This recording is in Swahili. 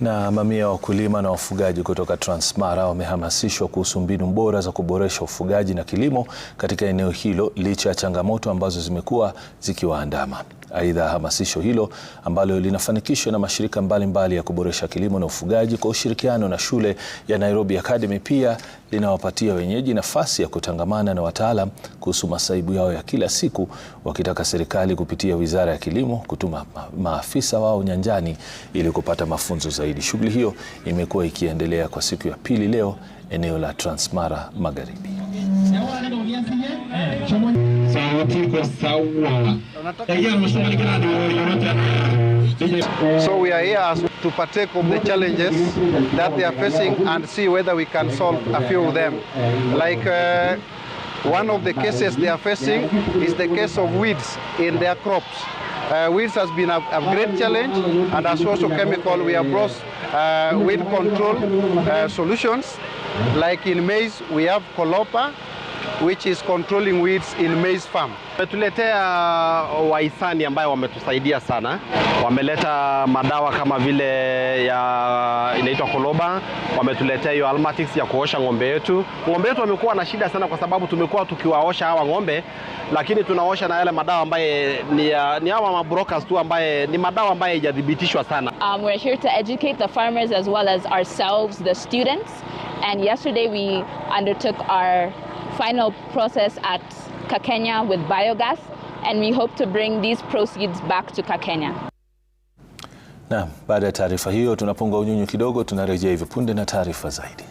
Na mamia ya wakulima na wafugaji kutoka Transmara wamehamasishwa kuhusu mbinu bora za kuboresha ufugaji na kilimo katika eneo hilo licha ya changamoto ambazo zimekuwa zikiwaandama. Aidha, hamasisho hilo ambalo linafanikishwa na mashirika mbalimbali mbali ya kuboresha kilimo na ufugaji kwa ushirikiano na shule ya Nairobi Academy pia linawapatia wenyeji nafasi ya kutangamana na wataalam kuhusu masaibu yao ya kila siku, wakitaka serikali kupitia Wizara ya Kilimo kutuma maafisa wao nyanjani ili kupata mafunzo zaidi. Shughuli hiyo imekuwa ikiendelea kwa siku ya pili leo eneo la Transmara Magharibi. So we are here to partake of the challenges that they are facing and see whether we can solve a few of them. Like uh, one of the cases they are facing is the case of weeds in their crops. Uh, weeds has been a, a, great challenge and as also chemical we have brought uh, weed control uh, solutions like in maize we have colopa which is controlling weeds in maize farm. Wametuletea uh, wahisani ambayo wametusaidia sana. Wameleta madawa kama vile ya inaitwa Koloba, wametuletea hiyo Almatix ya kuosha ng'ombe yetu. Ng'ombe yetu wamekuwa na shida sana, kwa sababu tumekuwa tukiwaosha hawa ng'ombe, lakini tunaosha na yale madawa ambaye ni, ya, ni hawa mabrokers tu ambaye ni madawa ambaye haijadhibitishwa sana. Um, we're here to educate the farmers as well as ourselves the students and yesterday we undertook our final process at Kakenya with biogas and we hope to bring these proceeds back to Kakenya. Na baada ya taarifa hiyo tunapunga unyunyu kidogo, tunarejea hivi punde na taarifa zaidi.